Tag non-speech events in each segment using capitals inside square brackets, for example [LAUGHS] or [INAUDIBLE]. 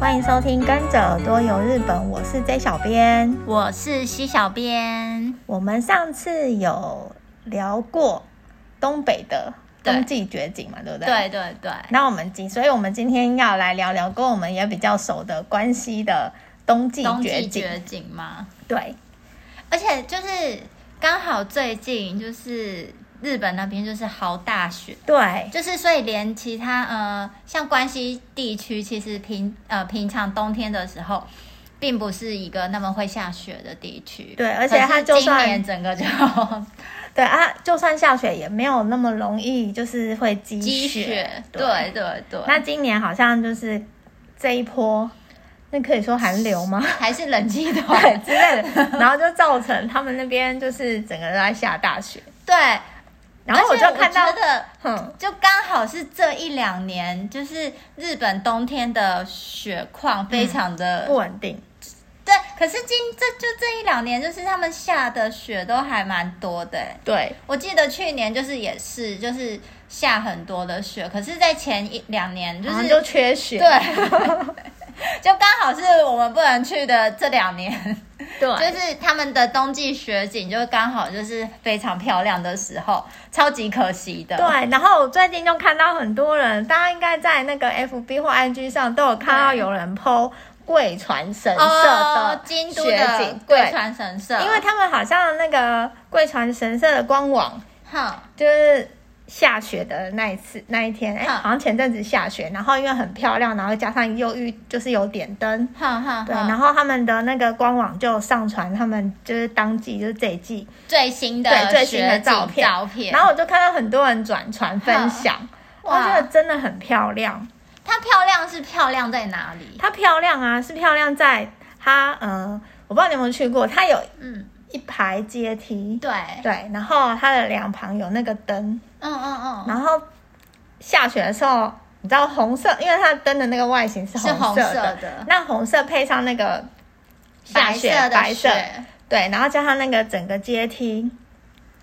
歡迎收聽《跟着多遊日本》，我是 J 小編，我是西小編。我們上次有聊過東北的冬季絕景嘛，對，對不對？對對對。那我們今，所以我們今天要來聊聊跟我們也比較熟的關西的冬季絕景，冬季絕景嗎？對。而且就是剛好最近就是。日本那邊就是好大雪，對，就是所以連其他呃像關西地區，其實平呃平常冬天的時候，並不是一個那麼會下雪的地區，對，而且它今年整個就，對啊，就算下雪也沒有那麼容易，就是會積雪，對對雪對。對對對，那今年好像就是這一波，那可以說寒流嗎？還是冷氣團之類的？ [LAUGHS] 然後就造成他們那邊就是整個都在下大雪，對。然後我就看到的，就剛好是這一兩年，就是日本冬天的雪況非常的、嗯、不穩定。對，可是今這就這一兩年，就是他們下的雪都還蠻多的。對，我記得去年就是也是，就是下很多的雪。可是，在前一兩年，就是都缺雪。對。 [LAUGHS] 就剛好是我們不能去的這兩年，對，就是他們的冬季雪景，就剛好就是非常漂亮的時候，超級可惜的。對，然後我最近就看到很多人，大家應該在那個 F B 或 I G 上都有看到有人 po 貴船神社的雪景，哦、京都的貴船神社，因為他們好像那個貴船神社的官網，哈、哦，就是。下雪的那一次，那一天，哎哈、欸，好像前陣子下雪，然後因為很漂亮，然後加上又遇就是有點燈，哈，哈哈，對，然後他們的那個官網就上傳他們就是當季就是這一季最新的對最新的照片，照片然後我就看到很多人轉傳分享，哇哈，真的真的很漂亮。它漂亮是漂亮在哪裡？它漂亮啊，是漂亮在它，嗯、呃，我不知道你有沒有去過，它有，嗯。一排階梯，對對，然後它的兩旁有那個燈，嗯嗯嗯，嗯嗯，然後下雪的時候，你知道紅色，因為它燈的那個外形是紅色的，是紅色的，那紅色配上那個白，白色的，白色，對，然後加上那個整個階梯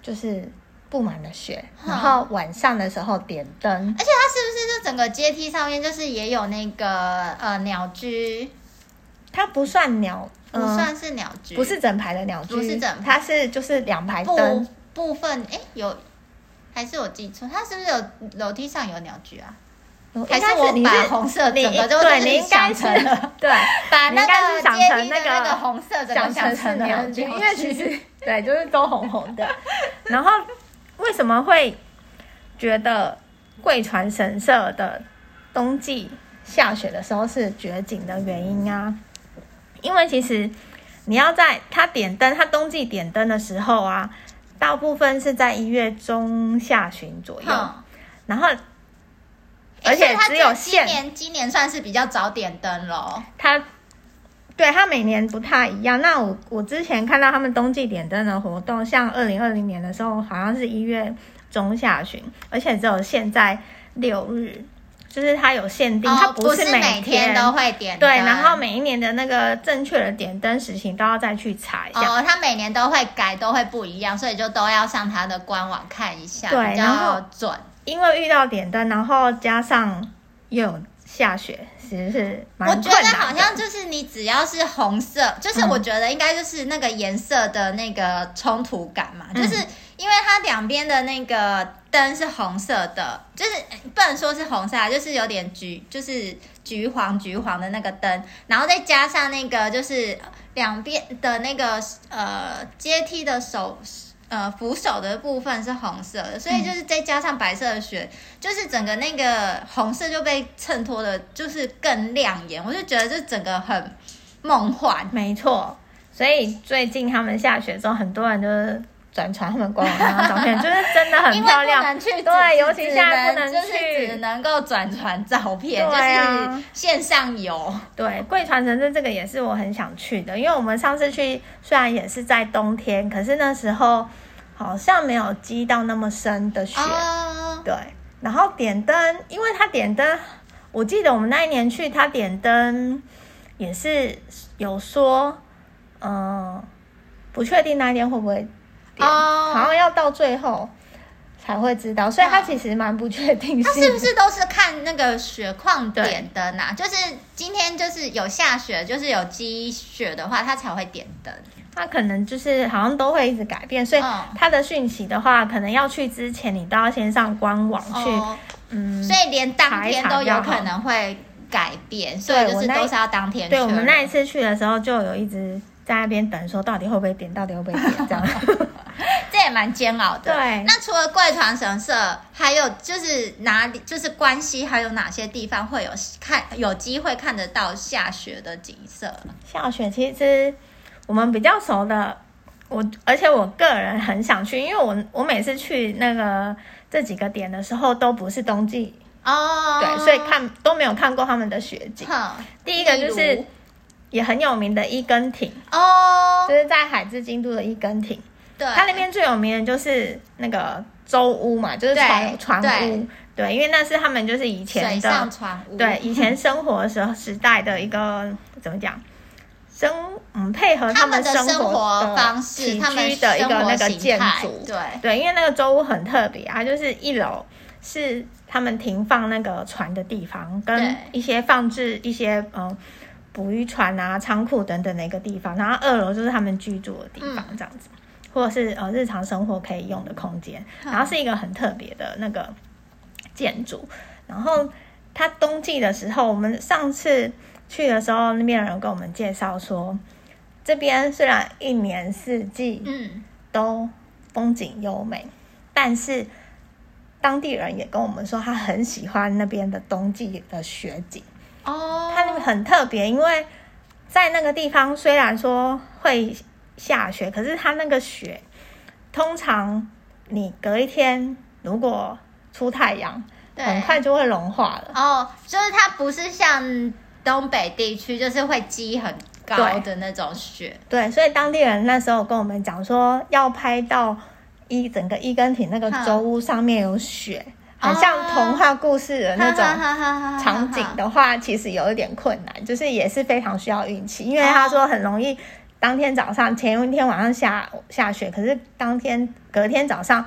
就是布滿了雪，嗯、然後晚上的時候點燈，而且它是不是就整個階梯上面就是也有那個呃鳥居？它不算鳥。不算是鳥居、嗯，不是整排的鳥居，不是整排，它是就是兩排燈部分。哎、欸，有還是我記錯？它是不是有樓梯上有鳥居啊？是還是我把紅色整個都亂想成，你是對，把那個階梯的那個紅色整個想成是鳥居，因為其實對，就是都紅紅的。 [LAUGHS] 然後為什麼會覺得貴船神社的冬季下雪的時候是絕景的原因啊？因為其實你要在他點燈，他冬季點燈的時候啊，大部分是在一月中下旬左右。哦、然後，而且只有他現在今年，今年算是比較早點燈咯。他對他每年不太一樣。那我我之前看到他們冬季點燈的活動，像二零二零年的時候，好像是一月中下旬，而且只有現在六日。就是它有限定，哦、它不是，不是每天都會點燈。對，然後每一年的那個正確的點燈時間都要再去查一下。哦，它每年都會改，都會不一樣，所以就都要上它的官網看一下，對，然後轉。因為遇到點燈，然後加上又有下雪，其實是蠻的。我覺得好像就是你只要是紅色，就是我覺得應該就是那個顏色的那個衝突感嘛，嗯、就是因為它兩邊的那個。燈是紅色的，就是不能說是紅色啊，就是有點橘，就是橘黃橘黃的那個燈，然後再加上那個就是兩邊的那個呃階梯的手呃扶手的部分是紅色的，所以就是再加上白色的雪，嗯、就是整個那個紅色就被襯托的，就是更亮眼。我就覺得這整個很夢幻，沒錯。所以最近他們下雪之後，很多人就是。轉傳他們官網上的照片，就是真的很漂亮。 [LAUGHS] 對，只尤其現在不能去，只能夠轉傳照片，對啊、就是線上遊。對，貴 Okay. 船神社這個也是我很想去的，因為我們上次去雖然也是在冬天，可是那時候好像沒有積到那麼深的雪。Oh. 對，然後點燈，因為他點燈，我記得我們那一年去他點燈也是有說，嗯、呃，不確定那一天會不會。哦，點 oh, 好像要到最後才會知道，所以他其實蠻不確定。Oh, 他是不是都是看那個雪況點的呢？對就是今天就是有下雪，就是有積雪的話，他才會點燈。他可能就是好像都會一直改變，所以他的訊息的話，oh, 可能要去之前你都要先上官網去。Oh, 嗯，所以連當天踩踩都有可能會改變。所以就是都是要當天對，對我們那一次去的時候，就有一直在那邊等，說到底會不會點，到底會不會點這樣子。 [LAUGHS] [LAUGHS] 這也蠻煎熬的。對，那除了貴船神社，還有就是哪裡，就是關西還有哪些地方會有看，有機會看得到下雪的景色？下雪其實我們比較熟的，我而且我個人很想去，因為我我每次去那個這幾個點的時候都不是冬季哦，oh. 對，所以看都沒有看過他們的雪景。好哼，第一個就是如也很有名的伊根町哦，oh. 就是在海之京都的伊根町。對，它那邊最有名的就是那個舟屋嘛，就是船對船屋。對，對，因為那是他們就是以前的水上船屋。對，以前生活的時候、嗯、時代的一個怎麼講？生嗯，配合他們生活，的他們的生活方式，起居的一個,他們一個那個建築。對對，因為那個舟屋很特別，啊，就是一樓是他們停放那個船的地方，跟一些放置對一些嗯捕魚船啊、倉庫等等的一個地方。然後二樓就是他們居住的地方，這樣子。或是呃日常生活可以用的空間，oh. 然後是一個很特別的那個建築。然後它冬季的時候，我們上次去的時候，那邊人有跟我們介紹說，這邊雖然一年四季嗯都風景優美，嗯、但是當地人也跟我們說，他很喜歡那邊的冬季的雪景哦，oh. 它那邊很特別，因為在那個地方雖然說會。下雪，可是它那個雪，通常你隔一天如果出太陽，對很快就會融化了。哦，oh, 就是它不是像東北地區，就是會積很高的那種雪。對。對，所以當地人那時候跟我們講說，要拍到一整個伊根町那個舟屋上面有雪，好、嗯、像童話故事的那種、嗯、場景的話，嗯、其實有一點困難，嗯、就是也是非常需要運氣，因為他說很容易。當天早上，前一天晚上下下雪，可是當天隔天早上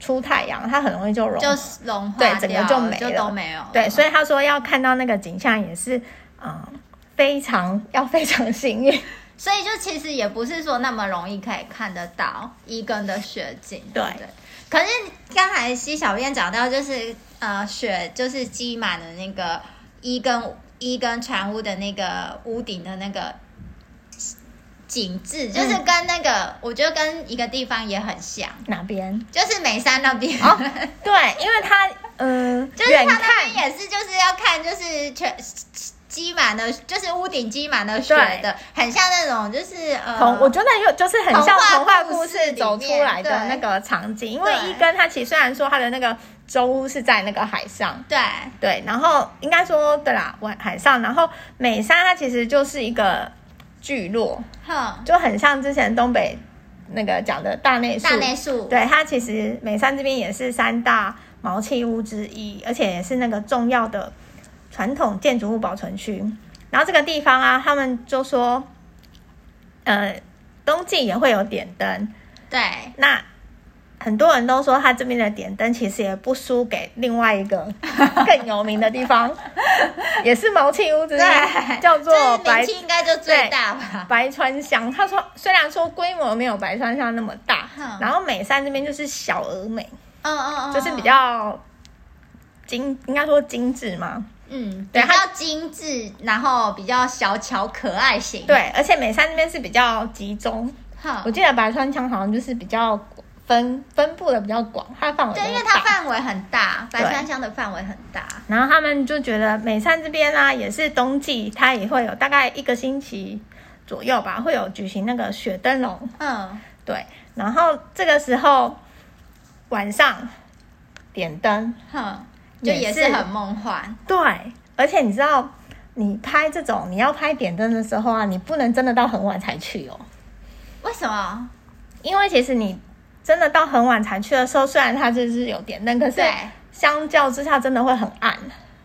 出太陽，它很容易就融，就融化，對，整個就沒了，就都沒有。對，所以他說要看到那個景象也是啊、嗯，非常要非常幸運。所以就其實也不是說那麼容易可以看得到伊根的雪景。對是是，可是剛才西小編講到，就是呃，雪就是積滿了那個伊根伊根船屋的那個屋頂的那個。景緻就是跟那個，嗯、我覺得跟一個地方也很像，哪邊邊？就是美山那邊。哦，對，因為它，嗯，就是它那邊也是，就是要看，就是全積滿的，就是屋頂積滿的雪的，對很像那種，就是呃，我覺得有，就是很像童話故事走出來的那個場景。對因為伊根他其實雖然說他的那個舟是在那個海上，對對，然後應該說對啦，海海上，然後美山它其實就是一個。聚落，哼，就很像之前東北那個講的大內宿、大內宿，對，它其實美山這邊也是三大茅葺屋之一，而且也是那個重要的傳統建築物保存區。然後這個地方啊，他們就說，呃，冬季也會有點燈，對，那。很多人都說他這邊的點燈其實也不輸給另外一個更有名的地方， [LAUGHS] 也是茅葺屋這邊對叫做白應該就最大吧。白川鄉，他說雖然說規模沒有白川鄉那麼大，嗯、然後美山這邊就是小而美，嗯嗯嗯，就是比較精，應該說精緻嘛，嗯，對，它要精緻，他然後比較小巧可愛型。對，而且美山那邊是比較集中，嗯、我記得白川鄉好像就是比較。分分布的比較廣，它的範圍。對，因為它範圍很大，白山鄉的範圍很大。然後他們就覺得美山這邊啦、啊，也是冬季，它也會有大概一個星期左右吧，會有舉行那個雪燈籠。嗯，對。然後這個時候晚上點燈，哼、嗯，就也是很夢幻。對，而且你知道，你拍這種你要拍點燈的時候啊，你不能真的到很晚才去哦、喔。為什麼？因為其實你。真的到很晚才去的時候，雖然它就是有點嫩，但可是相較之下，真的會很暗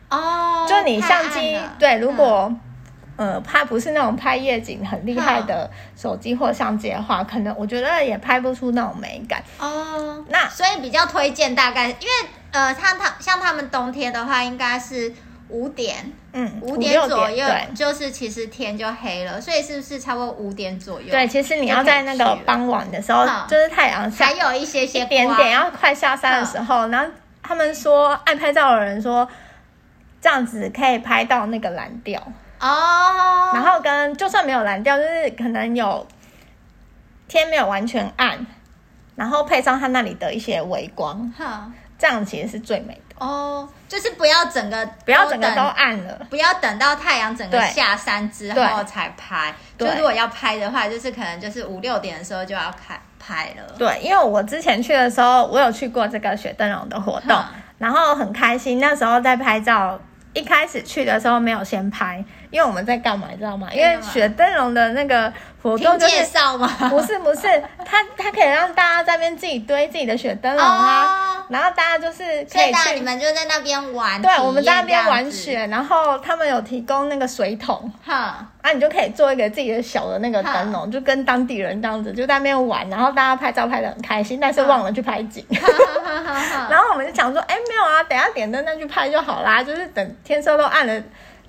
哦。對就你相機對，如果、嗯、呃，拍不是那種拍夜景很厲害的手機或相機的話，嗯、可能我覺得也拍不出那種美感哦。嗯、那所以比較推薦大概，因為呃，像他像他們冬天的話，應該是。五點，嗯，五點左右，對就是其實天就黑了，所以是不是差不多五點左右？對，其實你要在那個傍晚的時候，就、嗯、就是太陽還有一些些一點點，要快下山的時候，嗯、然後他們說愛拍照的人說，這樣子可以拍到那個藍調哦，然後跟就算沒有藍調，就是可能有天沒有完全暗，然後配上他那裡的一些微光，哈、嗯，這樣其實是最美。哦，oh, 就是不要整個不要整個都暗了，不要等到太陽整個下山之後才拍。對，對，就如果要拍的話，就是可能就是五六點的時候就要開拍了。對，因為我之前去的時候，我有去過這個雪燈籠的活動，哼然後很開心。那時候在拍照，一開始去的時候沒有先拍。因為我們在幹嘛，你知道嗎？因為雪燈籠的那個活動介紹嘛。不是不是，他他可以讓大家在那邊自己堆自己的雪燈籠啊，oh, 然後大家就是可以去，所以大家你們就在那邊玩。對，我們在那邊玩雪，然後他們有提供那個水桶，哈，Huh. 啊，你就可以做一個自己的小的那個燈籠，Huh. 就跟當地人這樣子就在那邊玩，然後大家拍照拍得很開心，但是忘了去拍景。然後我們就想說，哎、欸，沒有啊，等一下點燈再去拍就好啦，就是等天色都暗了。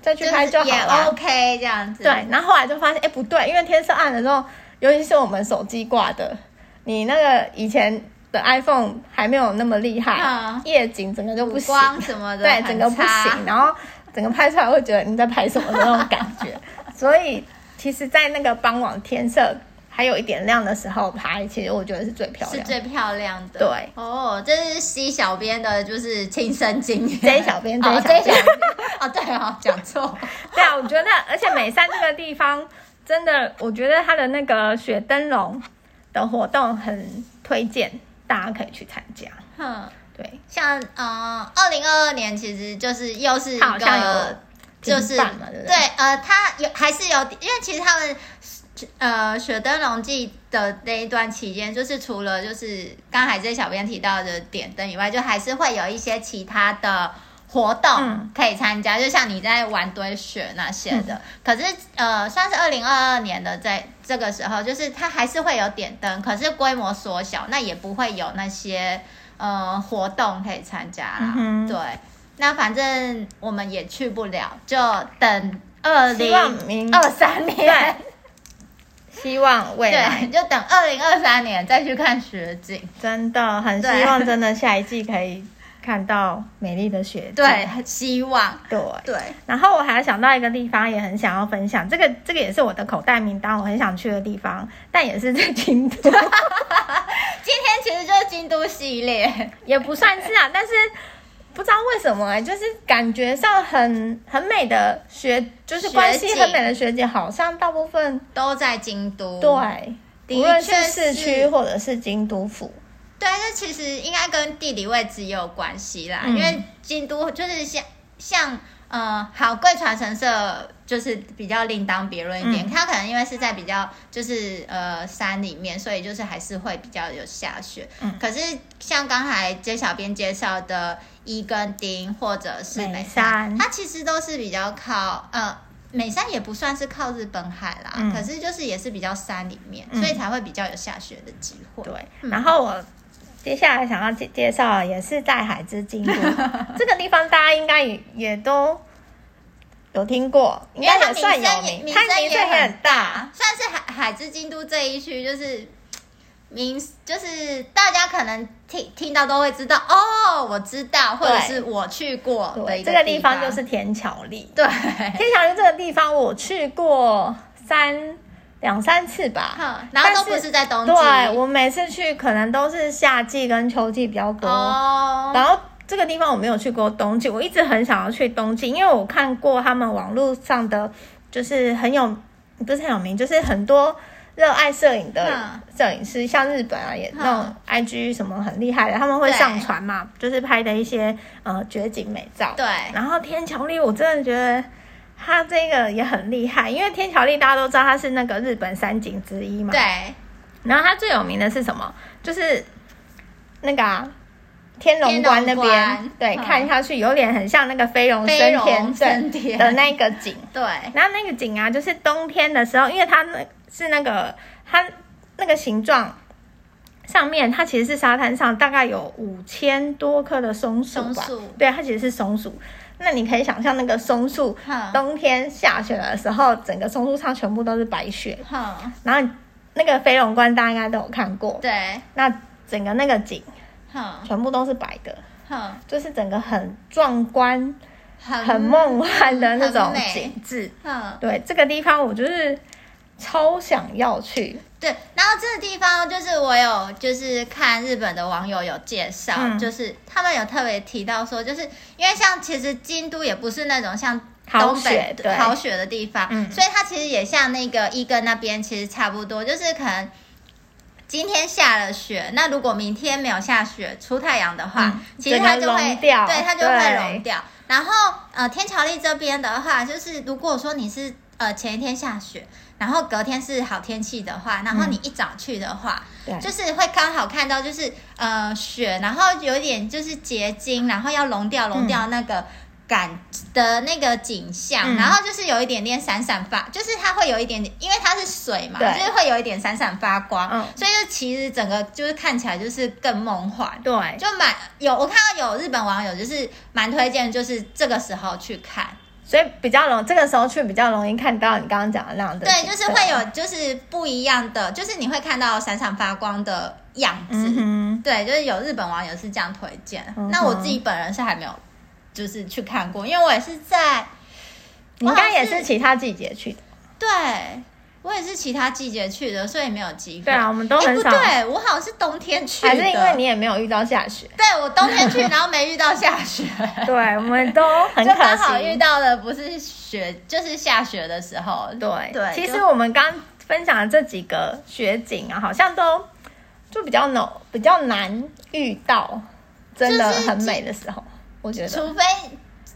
再去拍就好啦，就是也 OK 這樣子。對，然後後來就發現，哎、欸，不對，因為天色暗的時候，尤其是我們手機掛的，你那個以前的 iPhone 還沒有那麼厲害，嗯、夜景整個就不行，光什麼的很差。對，整個不行，然後整個拍出來會覺得你在拍什麼的那種感覺。 [LAUGHS] 所以，其實，在那個傍晚天色。還有一點亮的時候拍，其實我覺得是最漂亮，是最漂亮的。對哦，這是西小編的，就是親身經驗。西小編對西小編啊、 [LAUGHS] 哦，對啊、哦，講錯。對啊，我覺得，而且美山這個地方 [LAUGHS] 真的，我覺得它的那個雪燈籠的活動很推薦，大家可以去參加。哼、嗯，對，像呃，二零二二年其實就是又是好像有，就是對呃，它有還是有，因為其實他們。呃，雪燈籠祭的那一段期間，就是除了就是剛才這小編提到的點燈以外，就還是會有一些其他的活動可以參加，嗯、就像你在玩堆雪那些的。嗯、可是呃，算是二零二二年的在這個時候，就是它還是會有點燈，可是規模縮小，那也不會有那些呃活動可以參加啦。嗯、哼對，那反正我們也去不了，就等二零二三年。希望未來，就等二零二三年再去看雪景。真的很希望，真的下一季可以看到美麗的雪景。對，對，很希望。對對。然後我還想到一個地方，也很想要分享。這個這個也是我的口袋名單，我很想去的地方，但也是在京都。 [LAUGHS] [LAUGHS] 今天其實就是京都系列，也不算是啊， [LAUGHS] 但是。不知道為什麼、欸，就是感覺上很很美的學，就是關西很美的學姐，好像大部分都在京都，對，無論是市區或者是京都府，對，這其實應該跟地理位置也有關係啦，嗯、因為京都就是像像呃，好貴船神社。就是比較另當別論一點，它、嗯、可能因為是在比較就是呃山裡面，所以就是還是會比較有下雪。嗯、可是像剛才接小編介紹的伊根町或者是美山，它山其實都是比較靠呃美山也不算是靠日本海啦，嗯、可是就是也是比較山裡面，所以才會比較有下雪的機會。嗯、對，嗯、然後我接下來想要介介紹也是在海之京都。都 [LAUGHS] 這個地方，大家應該也也都。有聽過，因為他名聲也，也名聲也，也很大，算是海海之京都這一區，就是名，就是大家可能聽聽到都會知道哦，我知道，或者是我去過。對，對這個地方，就是天橋立。對，天橋立這個地方，我去過三兩三次吧，然後都不是在冬季，對，我每次去可能都是夏季跟秋季比較多，哦、然後。這個地方我沒有去過東京，我一直很想要去東京，因為我看過他們網絡上的，就是很有，不是很有名，就是很多熱愛攝影的攝影師，嗯、像日本啊也那種 IG 什麼很厲害的，嗯、他們會上傳嘛，對就是拍的一些呃絕景美照。對。然後天橋立，我真的覺得他這個也很厲害，因為天橋立大家都知道他是那個日本三景之一嘛。對。然後他最有名的是什麼？就是那個啊。天龍關那邊，對，哦、看下去有點很像那個飛龍升天鎮的那個景。對，然後那個景啊，就是冬天的時候，因為它那是那個它那個形狀，上面它其實是沙灘上大概有五千多棵的松樹吧。鼠對，它其實是松樹。那你可以想象那個松樹，哦、冬天下雪的時候，整個松樹上全部都是白雪。哦、然後那個飛龍觀大家應該都有看過。對，那整個那個景。全部都是白的，好就是整個很壯觀、很很夢幻的那種景致。對，這個地方我就是超想要去。對，然後這個地方就是我有就是看日本的網友有介紹，嗯、就是他們有特別提到說，就是因為像其實京都也不是那種像東北豪雪的地方，嗯、所以它其實也像那個伊根那邊其實差不多，就是可能，今天下了雪，那如果明天沒有下雪出太陽的話，嗯、其實它就會掉，對，它就會融掉。對然後呃，天橋立這邊的話，就是如果說你是呃前一天下雪，然後隔天是好天氣的話，然後你一早去的話，嗯、就是會剛好看到就是呃雪，然後有一點就是結晶，然後要融掉融掉那個。嗯感的那個景象，嗯、然後就是有一點點閃閃發，就是它會有一點點，因為它是水嘛，對就是會有一點閃閃發光，嗯、所以就其實整個就是看起來就是更夢幻。對，就蠻有，我看到有日本網友就是蠻推薦，就是這個時候去看，所以比較容這個時候去比較容易看到你剛剛講的那樣的。對，就是會有就是不一樣的，就是你會看到閃閃發光的樣子。嗯、哼對，就是有日本網友是這樣推薦，嗯、哼那我自己本人是還沒有。就是去看過，因為我也是在，是你應該也是其他季節去的，對，我也是其他季節去的，所以沒有機會。對啊，我們都很少。欸、不對，我好像是冬天去，還是因為你也沒有遇到下雪。對，我冬天去， [LAUGHS] 然後沒遇到下雪。對，我們都很可惜，就剛好遇到的不是雪，就是下雪的時候。對對，對就其實我們剛分享的這幾個雪景啊，好像都就比較難、no,，比較難遇到，真的很美的時候。我覺得除非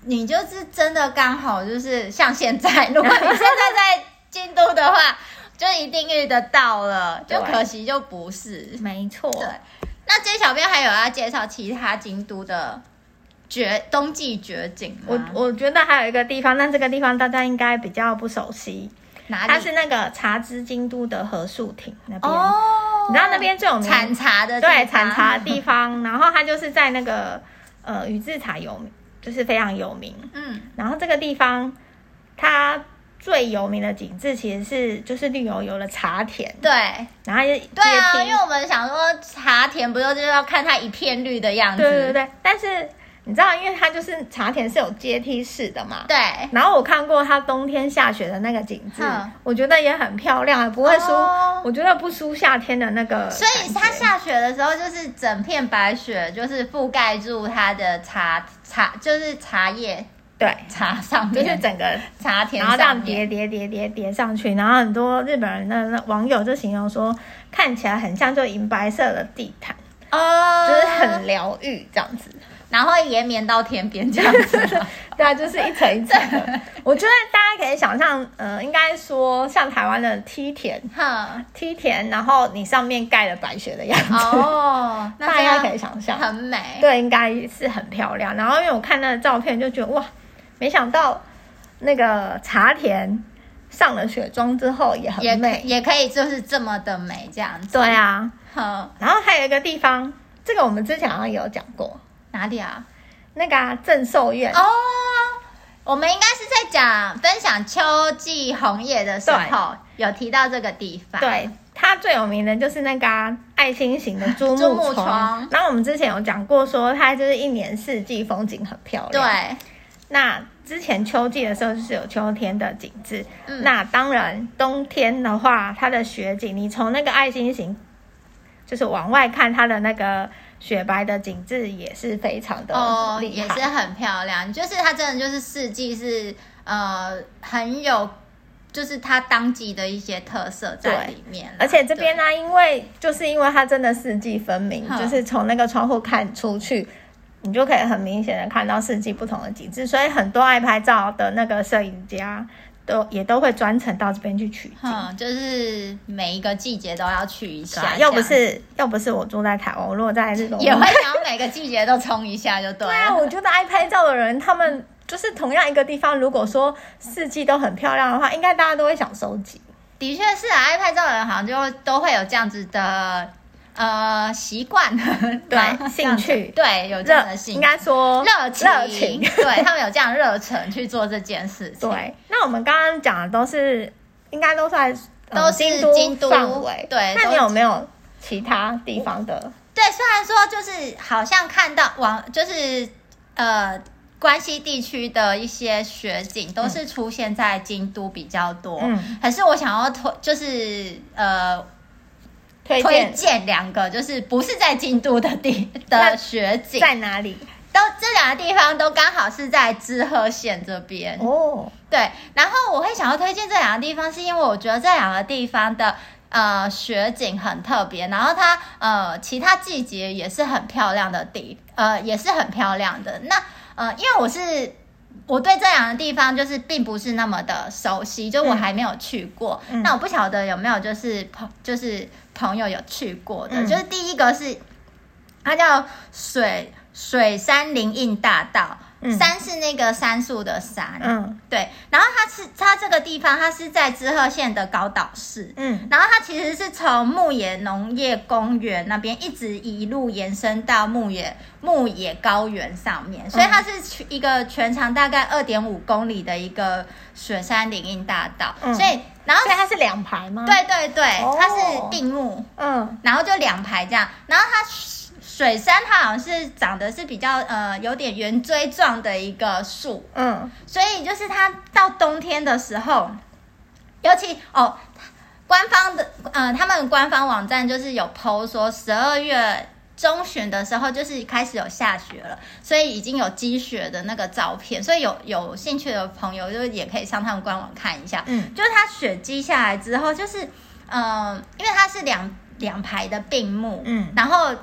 你就是真的剛好就是像現在，如果你現在在京都的話， [LAUGHS] 就一定遇得到了。對就可惜就不是，沒錯。那這小編還有要介紹其他京都的絕冬季絕景嗎？我我覺得還有一個地方，但這個地方大家應該比較不熟悉，哪裡它是那個茶之京都的和束町那邊。哦，oh, 你知道那邊就有名產茶的對產茶的地方，然後它就是在那個。呃，宇治茶有名，就是非常有名。嗯，然後這個地方它最有名的景致其實是就是綠油油的茶田。對，然後就對啊，因為我們想說茶田不就就是要看它一片綠的樣子，對對對。但是。你知道，因為它就是茶田是有階梯式的嘛。對。然後我看過它冬天下雪的那個景致，哼我覺得也很漂亮，不會輸。哦，我覺得不輸夏天的那個。所以它下雪的時候，就是整片白雪就是覆蓋住它的茶茶，就是茶葉對茶上面，就是整個茶田，然後這樣疊疊疊疊疊上去，然後很多日本人的網友就形容說，看起來很像就銀白色的地毯哦，就是很療癒這樣子。然後延綿到天邊這樣子。 [LAUGHS] 對，大家就是一層一層。 [LAUGHS] 我覺得大家可以想象，呃，應該說像台灣的梯田，嗯、梯田，然後你上面蓋了白雪的樣子，哦，那大家可以想象，很美。對，應該是很漂亮。然後因為我看那個照片，就覺得哇，沒想到那個茶田上了雪妝之後也很美也，也可以就是這麼的美這樣子。對啊，嗯、然後還有一個地方，這個我們之前好像也有講過。哪裡啊？那個正、啊、壽院哦，oh, 我們應該是在講分享秋季紅葉的時候對有提到這個地方。對，它最有名的就是那個、啊、愛心型的豬目窗。那 [LAUGHS] 窮我們之前有講過說，說它就是一年四季風景很漂亮。對，那之前秋季的時候就是有秋天的景致。嗯、那當然冬天的話，它的雪景，你從那個愛心型。就是往外看，它的那個雪白的景致也是非常的哦，也是很漂亮。就是它真的就是四季是呃很有，就是它當季的一些特色在裡面。對，而且這邊呢、啊，對因為就是因為它真的四季分明，就是從那個窗戶看出去，呵你就可以很明顯的看到四季不同的景致。所以很多愛拍照的那個攝影家，都也都會專程到這邊去取景，就是每一個季節都要去一下，啊、想又不是又不是我住在台灣，我如果在日本，也會想每個季節都衝一下就對了。 [LAUGHS] 對啊，我覺得愛拍照的人，他們就是同樣一個地方，如果說四季都很漂亮的話，應該大家都會想收集。的確是啊，愛拍照的人好像就都會，都會有這樣子的。呃，習慣 [LAUGHS] 對，興趣，對，有這樣的興趣，應該說熱情，情，對，他們有這樣熱情去做這件事情。 [LAUGHS] 對，那我們剛剛講的都是應該都算，嗯、都是京都範圍，對。那你有沒有其他地方的，嗯？對，雖然說就是好像看到往就是呃關西地區的一些雪景，都是出現在京都比較多。嗯，可是我想要推就是呃。推薦兩個，就是不是在京都的地那的雪景在哪裡？都這兩個地方都剛好是在滋賀縣這邊哦。Oh. 對，然後我會想要推薦這兩個地方，是因為我覺得這兩個地方的呃雪景很特別，然後它呃其他季節也是很漂亮的地呃也是很漂亮的。那呃因為我是。我對這兩個地方就是並不是那麼的熟悉，就我還沒有去過。嗯、那我不曉得有沒有就是朋就是朋友有去過的，嗯、就是第一個是它叫水水山林蔭大道。嗯、山是那個杉樹的山，嗯，對，然後它是它這個地方它是在滋賀縣的高島市，嗯，然後它其實是從牧野農業公園那邊一直一路延伸到牧野牧野高原上面，所以它是一個全長大概二點五公里的一個雪山林蔭大道，嗯、所以然後所以它是兩排嗎？對對對，它是並木、哦，嗯，然後就兩排這樣，然後它。水杉它好像是長得是比較呃有點圓錐狀的一個樹，嗯，所以就是它到冬天的時候，尤其哦，官方的呃他們官方網站就是有 PO 說十二月中旬的時候就是開始有下雪了，所以已經有積雪的那個照片，所以有有興趣的朋友就也可以上他們官網看一下，嗯，就是它雪積下來之後，就是嗯、呃，因為它是兩兩排的並木，嗯，然後。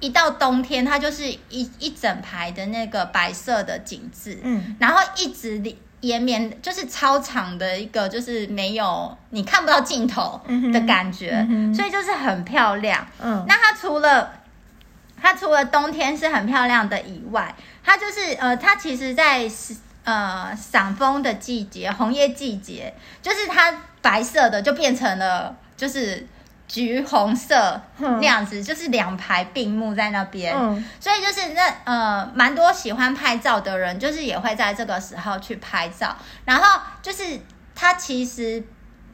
一到冬天，它就是一一整排的那個白色的景致，嗯，然後一直延綿，就是超長的一個，就是沒有你看不到盡頭的感覺，嗯嗯、所以就是很漂亮。嗯、哦，那它除了它除了冬天是很漂亮的以外，它就是呃，它其實在是呃賞楓的季節、紅葉季節，就是它白色的就變成了就是。橘紅色那樣子，嗯、就是兩排並木在那邊，嗯、所以就是那呃，蠻多喜歡拍照的人，就是也會在這個時候去拍照。然後就是它其實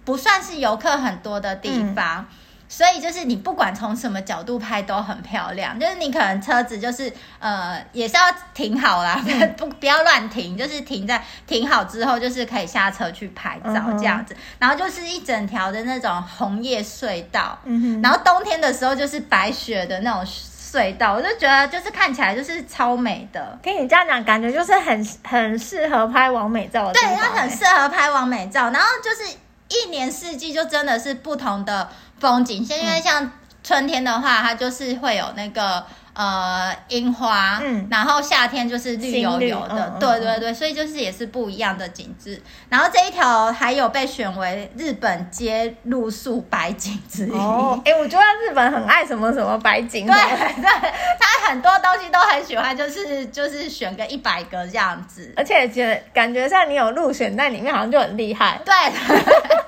不算是遊客很多的地方。嗯所以就是你不管從什麼角度拍都很漂亮，就是你可能車子就是呃也是要停好啦，嗯、 [LAUGHS] 不不要亂停，就是停在停好之後就是可以下車去拍照這樣子，嗯、哼然後就是一整條的那種紅葉隧道，嗯、哼然後冬天的時候就是白雪的那種隧道，我就覺得就是看起來就是超美的。聽你這樣講，感覺就是很很適合拍網美照的地方。欸，對，要很適合拍網美照，然後就是。一年四季就真的是不同的風景。現在像春天的話，它就是會有那個。呃，櫻花，嗯，然後夏天就是綠油油的，嗯、對對對，所以就是也是不一樣的景致。然後這一條還有被選為日本街路樹百景之一。哎、哦，我覺得日本很愛什麼什麼百景，對對對，他很多東西都很喜歡，就是就是選個一百個這樣子。而且覺感覺像你有入選在裡面，好像就很厲害。對。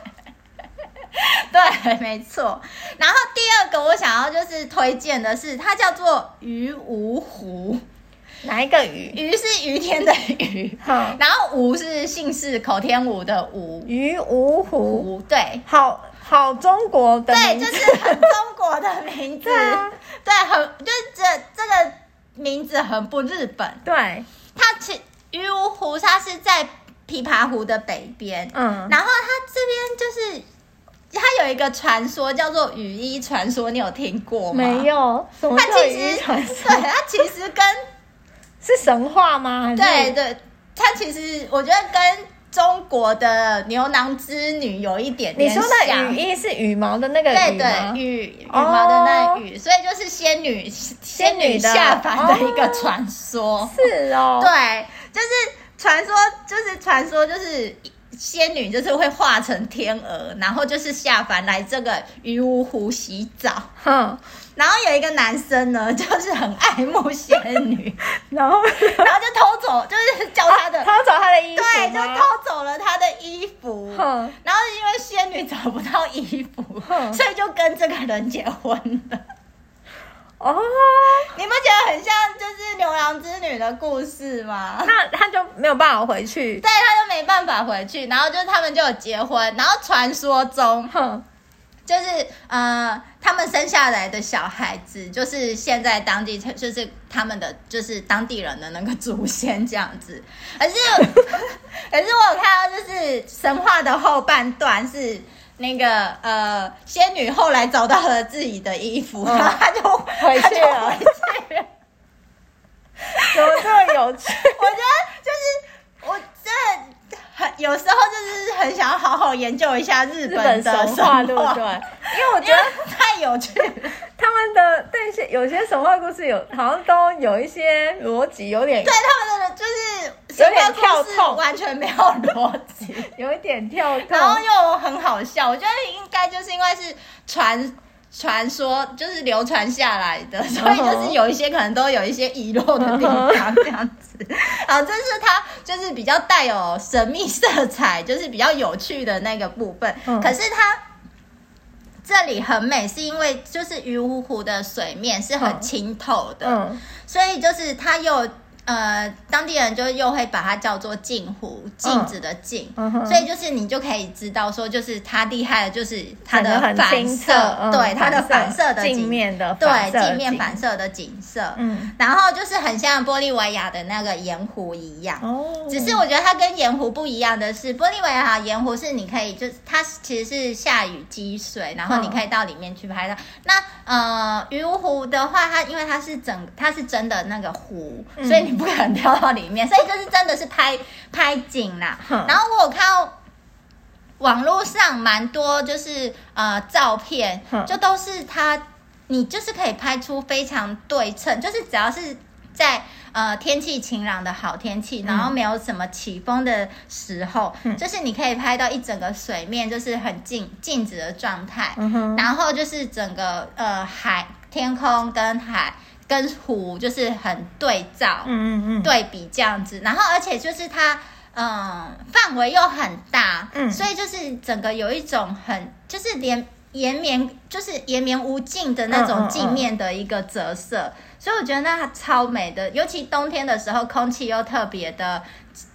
[LAUGHS] 對，沒錯。然後第二個我想要就是推薦的是，它叫做余吳湖，哪一個余？余是余天的余，嗯、然後吳是姓氏口天吳的吳，余吳湖，對，好好中國的名字，對，就是很中國的名字， [LAUGHS] 對，啊、對，很就是這這個名字很不日本。對，它其余吳湖，它是在琵琶湖的北邊，嗯，然後它這邊就是。它有一個傳說叫做羽衣傳說，你有聽過嗎？沒有。傳說它其實對，它其實跟 [LAUGHS] 是神話嗎？對對，它其實我覺得跟中國的牛郎織女有一點點像。你說的羽衣是羽毛的那個羽？對對，羽羽毛的那羽，oh. 所以就是仙女仙女的、oh. 下凡的一個傳說。是哦，對，就是傳說，就是傳說，就是。仙女就是會化成天鵝，然後就是下凡來這個余吳湖洗澡。哼、嗯，然後有一個男生呢，就是很愛慕仙女，然後然後就偷走，就是叫他的，啊、偷走他的衣服，對，就偷走了他的衣服。哼、嗯，然後因為仙女找不到衣服，嗯、所以就跟這個人結婚了。哦，oh. 你不覺得很像就是牛郎織女的故事嗎？他他就沒有辦法回去，對，他就沒辦法回去，然後就是他們就有結婚，然後傳說中，呵就是呃，他們生下來的小孩子就是現在當地就是他們的就是當地人的那個祖先這樣子。可是， [LAUGHS] 可是我有看到就是神話的後半段是。那個呃，仙女後來找到了自己的衣服，然後她就回去了， [LAUGHS] 怎麼這麼有趣？ [LAUGHS] 我覺得就是。有時候就是很想要好好研究一下日本的神話，對不對？因為我覺得太有趣，他們的對，有些神話故事有好像都有一些邏輯有點，對他們的就是有點跳脫，完全沒有邏輯，有一點跳脫，然後又很好笑。我覺得應該就是因為是傳。傳說就是流傳下來的，所以就是有一些、oh. 可能都有一些遺落的地方，這樣子。Oh. [LAUGHS] 好，這是它就是比較帶有神秘色彩，就是比較有趣的那個部分。Oh. 可是它這裡很美，是因為就是魚湖湖的水面是很清透的，oh. Oh. 所以就是它又。呃，當地人就又會把它叫做鏡湖，鏡子的鏡，uh, uh huh. 所以就是你就可以知道說，就是它厲害的，就是它的反射，對，它的反射的鏡面的，對鏡面反射的景色，嗯，然後就是很像玻利維亞的那個鹽湖一樣，哦，oh. 只是我覺得它跟鹽湖不一樣的是，玻利維亞鹽湖是你可以就是它其實是下雨積水，然後你可以到裡面去拍照，嗯、那呃，魚湖的話，它因為它是整它是真的那個湖，嗯、所以。不敢跳到裡面，所以就是真的是拍拍景啦。嗯、然後我有看到網絡上蠻多就是呃照片，嗯、就都是它，你就是可以拍出非常對稱，就是只要是在呃天氣晴朗的好天氣，然後沒有什麼起風的時候，嗯、就是你可以拍到一整個水面就是很靜靜止的狀態，嗯、哼然後就是整個呃海天空跟海。跟湖就是很對照，嗯嗯嗯，對比這樣子，然後而且就是它，嗯、呃，範圍又很大，嗯，所以就是整個有一種很，就是連延綿，就是延綿無盡的那種鏡面的一個折射，哦哦哦，所以我覺得那超美的，尤其冬天的時候，空氣又特別的，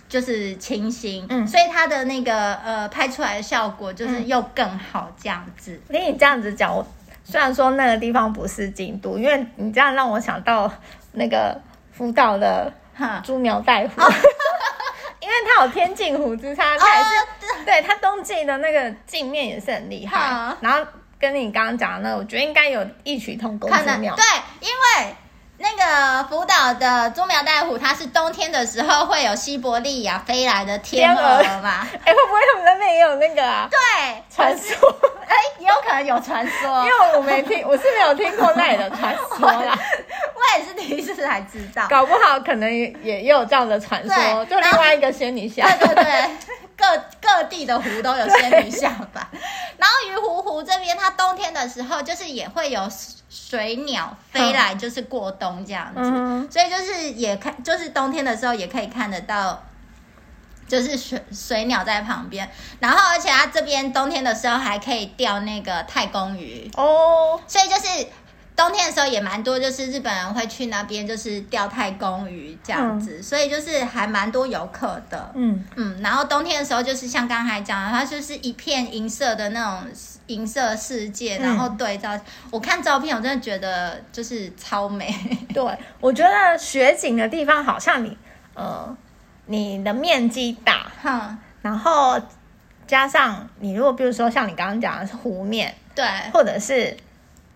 就是清新，嗯，所以它的那個呃拍出來的效果就是又更好這樣子。你、嗯、你這樣子講，我。雖然說那個地方不是京都，因為你這樣讓我想到那個福島的豬苗代湖，哈 [LAUGHS] 因為它有天鏡湖之差，它也是、哦、對它冬季的那個鏡面也是很厲害。哈然後跟你剛剛講的、那個，我覺得應該有異曲同工之妙，對，因為。那個福島的豬苗代湖，它是冬天的時候會有西伯利亞飛來的天鵝嗎？哎、欸，會不會他們那邊也有那個啊？對，傳說，哎、欸，也有可能有傳說，因為我沒聽，我是沒有聽過那裡的傳說啦我。我也是第一次才知道，搞不好可能也也有這樣的傳說，就另外一個仙女下。對對對，各各地的湖都有仙女下凡吧。對然後余吳湖這邊，它冬天的時候就是也會有。水鳥飛來就是過冬這樣子，嗯、哼所以就是也看，就是冬天的時候也可以看得到，就是水水鳥在旁邊。然後而且它這邊冬天的時候還可以釣那個太公魚哦，所以就是冬天的時候也蠻多，就是日本人會去那邊就是釣太公魚這樣子，嗯、所以就是還蠻多遊客的。嗯嗯，然後冬天的時候就是像剛才講的，它就是一片銀色的那種。銀色世界，然後對照、嗯、我看照片，我真的覺得就是超美對。對我覺得雪景的地方，好像你呃你的面積大，嗯，然後加上你如果比如說像你剛剛講的是湖面，對，或者是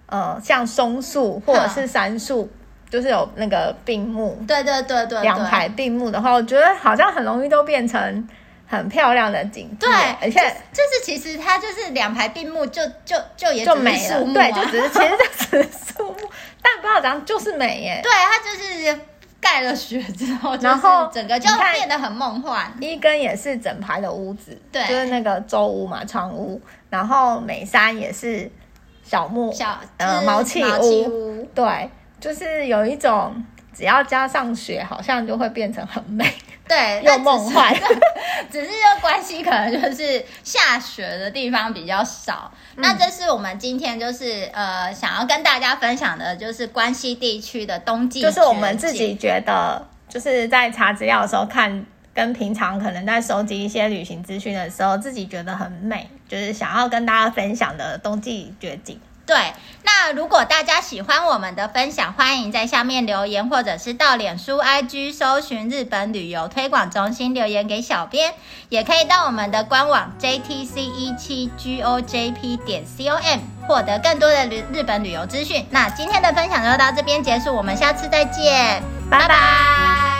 呃像松樹或者是杉樹，嗯、就是有那個並木，對對對對，對，兩排並木的話，我覺得好像很容易都變成。很漂亮的景對。而且就是其實它就是兩排並木，就就就也是樹木，啊，就沒了，對，就只是其實這只是樹木， [LAUGHS] 但不知道怎樣就是美耶。對，它就是蓋了雪之後，然後整個就變得很夢幻。伊根也是整排的屋子，對，就是那個舟屋嘛，長屋。然後美山也是小木小嗯、呃、茅葺屋，茅葺屋對，就是有一種只要加上雪，好像就會變成很美。對，又夢幻，只是就 [LAUGHS] 關西可能就是下雪的地方比較少。嗯、那這是我們今天就是呃想要跟大家分享的，就是關西地區的冬季，就是我們自己覺得，就是在查資料的時候看，跟平常可能在收集一些旅行資訊的時候，自己覺得很美，就是想要跟大家分享的冬季絕景。對，那如果大家喜歡我們的分享，歡迎在下面留言，或者是到臉書 IG 搜尋日本旅遊推廣中心留言給小編，也可以到我們的官網 JTC17GOJP 點 com 獲得更多的旅日本旅遊資訊。那今天的分享就到這邊結束，我們下次再見，拜拜。拜拜。